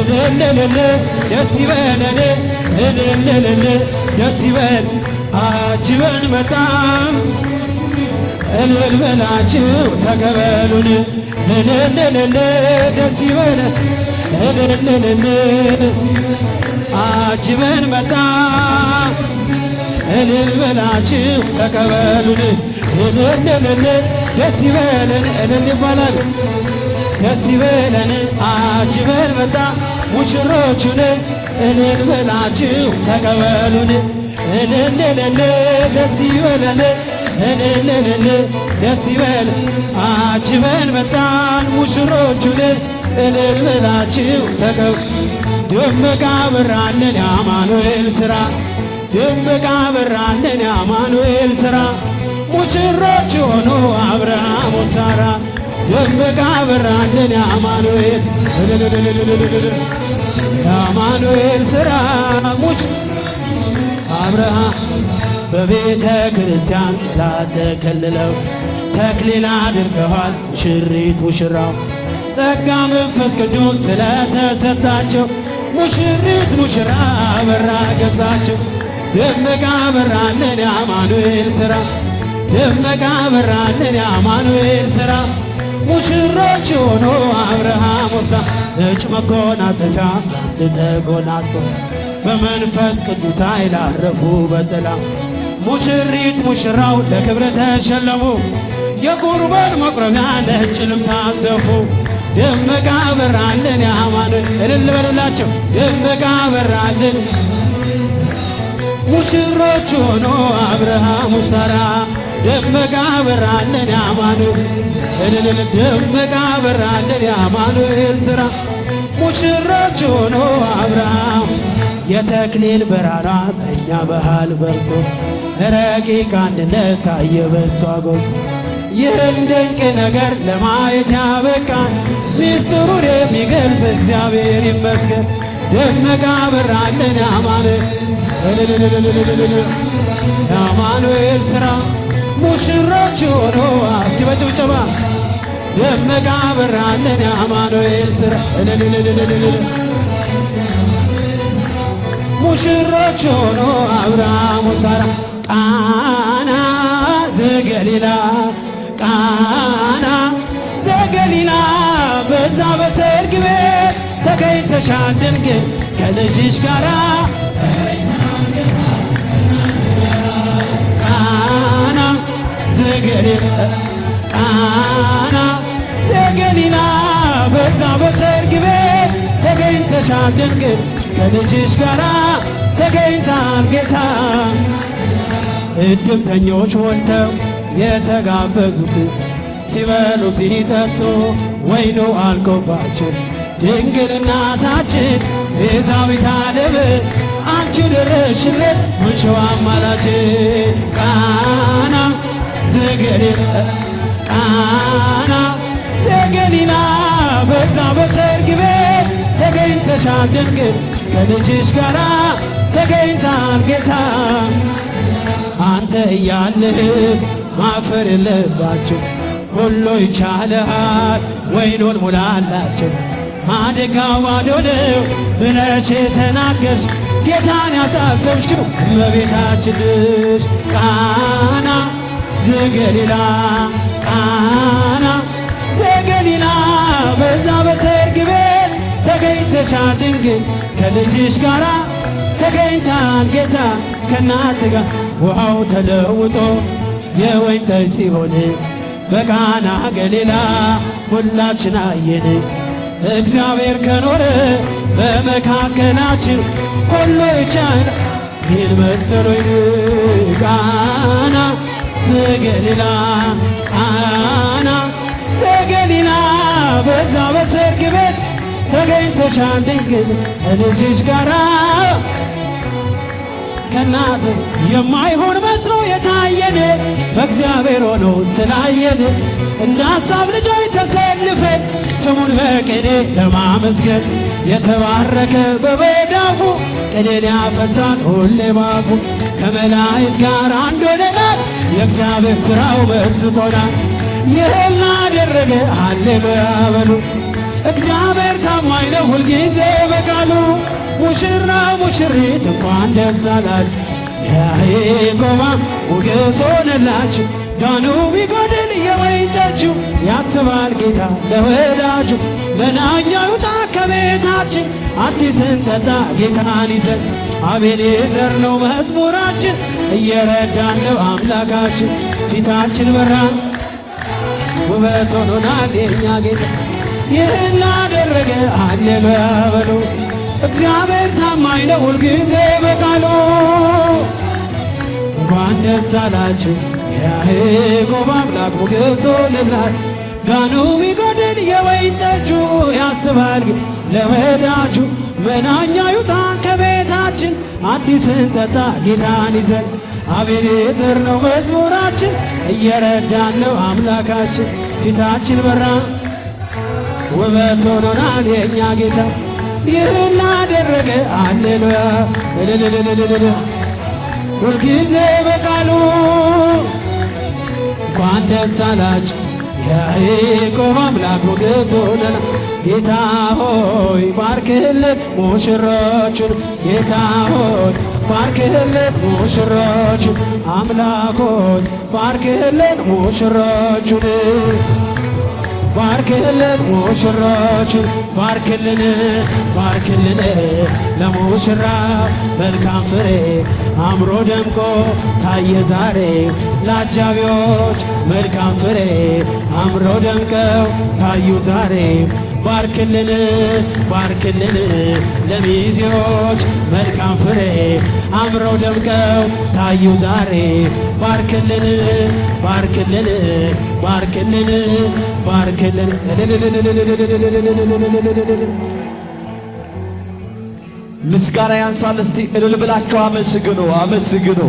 እልልልል ደስ ይበለን እልልልል ደስ ይበል አጅበን በጣም እልል በላችሁ ተቀበሉን እልልልል ደስ ይበለን እልልልል አጅበን በጣም እልል በላችሁ ተቀበሉን እልልልል ደስ ይበለን እልል ይባላል ደስ ይበለን አጅበን መጣ ሙሽሮቹን እልል በላችሁ ተቀበሉን እልልልል ደስ ይበለን እልልልል ደስ ይበል አጅበን መጣን ሙሽሮቹን እልል በላችሁ ተቀበ ድምቅ አበራልን የአማኑኤል ሥራ ድምቅ አበራልን የአማኑኤል ሥራ ሙሽሮች መቃብር አለን የአማኑኤል የአማኑኤል ሥራ ሙች አብርሃም በቤተ ክርስቲያን ጥላ ተከልለው ተክሊል አድርገዋል ሙሽሪት ሙሽራው ጸጋ መንፈስ ቅዱስ ስለተሰጣቸው ሙሽሪት ሙሽራ በራ ገዛቸው ደመቃ በራለን የአማኑኤል ስራ ደመቃ በራለን የአማኑኤል ስራ ሙሽሮች ሆኖ አብርሃም ወሳ እጭ መጎናጸፊያ በአንድ ተጎናጽፎ በመንፈስ ቅዱስ ኃይል አረፉ በጥላ ሙሽሪት ሙሽራው ለክብረ ተሸለሙ የቁርባን መቁረቢያ ነጭ ልብስ አሰፉ። ደመቃ በራልን ያማንን እልል በሉላቸው ደመቃ በራልን ሙሽሮች ሆኖ አብርሃሙ ሳራ ደመቃ በራለን የአማኑኤል ደመቃ በራለን የአማኑኤል ስራ ሙሽሮች ሆኖ አብርሃም የተክሊል በራራ በእኛ ባህል በርቶ ረቂቅ አንድነት ታየ በሷ ጎልቶ ይህን ድንቅ ነገር ለማየት ያበቃ ሚስጥሩን የሚገልጽ እግዚአብሔር ይመስገን። ደመቃ በራለን የአማኑኤል የአማኑኤል ስራ ሙሽሮች ሆኖ እስኪ በጭብጨባ ደመቃ በራለን የአማኑኤል ሥራ ሙሽሮች ሆኖ አብርሃም ሳራ ቃና ዘገሊላ ቃና ዘገሊላ በዛ በሰርግ ቤት ተገኝተሻል ድንግል ከልጅሽ ጋራ ዘገሊላ ቃና ዘገሊላ በዛ በሰርግ ቤት ተገኝተሻል ድንግል ከልጅሽ ጋራ ተገኝታል ጌታ እድምተኞች ሞልተው የተጋበዙት ሲበሉ ሲጠጡ ወይኑ አልቆባቸው ድንግል እናታችን ቤዛዊተ ዓለም አንቺ ደረሽለት ሙሽዋ አማላጅ ቃና ዘገሊላ ቃና ዘገሊላ በዛ በሰርግ ቤት ተገኝተሻል ድንግል ከልጅሽ ጋራ ተገኝታል ጌታ አንተ እያለህ ማፈር የለባቸው ሁሉ ይቻልሃል ወይኑን ሙላላቸው ማድጋው ባዶ ነው ብለሽ የተናገርሽ ጌታን ያሳሰብሽው እመቤታችን ልጅ ቃና ዘገሊላ ቃና ዘገሊላ በዛ በሰርግ ቤት ተገኝተሻል ድንግል ከልጅሽ ጋራ ተገኝታል ጌታ ጋር ውሃው ተለውጦ የወይን ጠጅ ሲሆን በቃና ገሊላ ሁላችን አየን። እግዚአብሔር ከኖረ በመካከላችን ሁሉ ይቻላል። ይህን ዘገሊላ ቃና ዘገሊላ በዛ በሰርግ ቤት ተገኝተሻል ድንግል ከልጅሽ ጋራ ከናት የማይሆን መስሎ የታየን በእግዚአብሔር ሆኖ ስላየን እንደ ሀሳብ ልጆች ተሰልፈን ስሙን በቅኔ ለማመስገን የተባረከ በመዳፉ ቅኔን ያፈሳል ሁሌ ባፉ ከመላእክት ጋር አንድ ሆነናል። የእግዚአብሔር ሥራው መስጦናል። ይህን ላደረገ አለ በበሉ እግዚአብሔር ታማኝ ነው ሁልጊዜ በቃሉ ሙሽራ ሙሽሪት እንኳን ደስ አላችሁ የያዕቆብ ሞገስ ሆነላችሁ ዳኑ ቢጎድል የወይን ጠጁ ያስባል ጌታ ለወዳጁ ለናኛው ጣ ከቤታችን አዲስን ጠጣ ጌታን ይዘን አቤኔዘር ነው መዝሙራችን እየረዳን ነው አምላካችን ፊታችን በራ ውበት ሆኖናል የኛ ጌታ ይህን ላደረገ ሃሌሉያ በሉ እግዚአብሔር ታማኝ ነው ሁልጊዜ በቃሉ እንኳን ደስ አላችሁ ያዕቆብ አምላክ ሞገሶልናል ጋኑ ቢጎድል የወይን ጠጁ ያስባል ግን ለወዳጁ መናኛ ይውጣ ከቤታችን አዲስን ጠጣ ጌታን ይዘን አቤኔዘር ነው መዝሙራችን እየረዳን ነው አምላካችን ፊታችን በራ ውበት ሆኖናል የእኛ ጌታ ይህን ላደረገ አሌሉያ ሁልጊዜ በቃሉ እንኳን ደስ አላችሁ የያዕቆብ አምላክ ሞገስ ሆነና ጌታ ሆይ ባርክልን ሙሽሮቹን ጌታ ሆይ ባርክልን ሙሽሮቹን አምላክ ሆይ ባርክልን ሙሽሮቹን ባርክልን ሙሽሮችን ባርክልን ባርክልን ለሙሽራ መልካም ፍሬ አምሮ ደምቆ ታየ ዛሬ ለአጃቢዎች መልካም ፍሬ አምሮ ደምቀው ታዩ ዛሬ ባርክልን ባርክልን ለሚዜዎች መልካም ፍሬ አምረው ደምቀው ታዩ ዛሬ ባርክልን ባርክልን ባርክልን ባርክልን ምስጋና ያንሳል። እስቲ እልል ብላችሁ አመስግኑ አመስግኑ።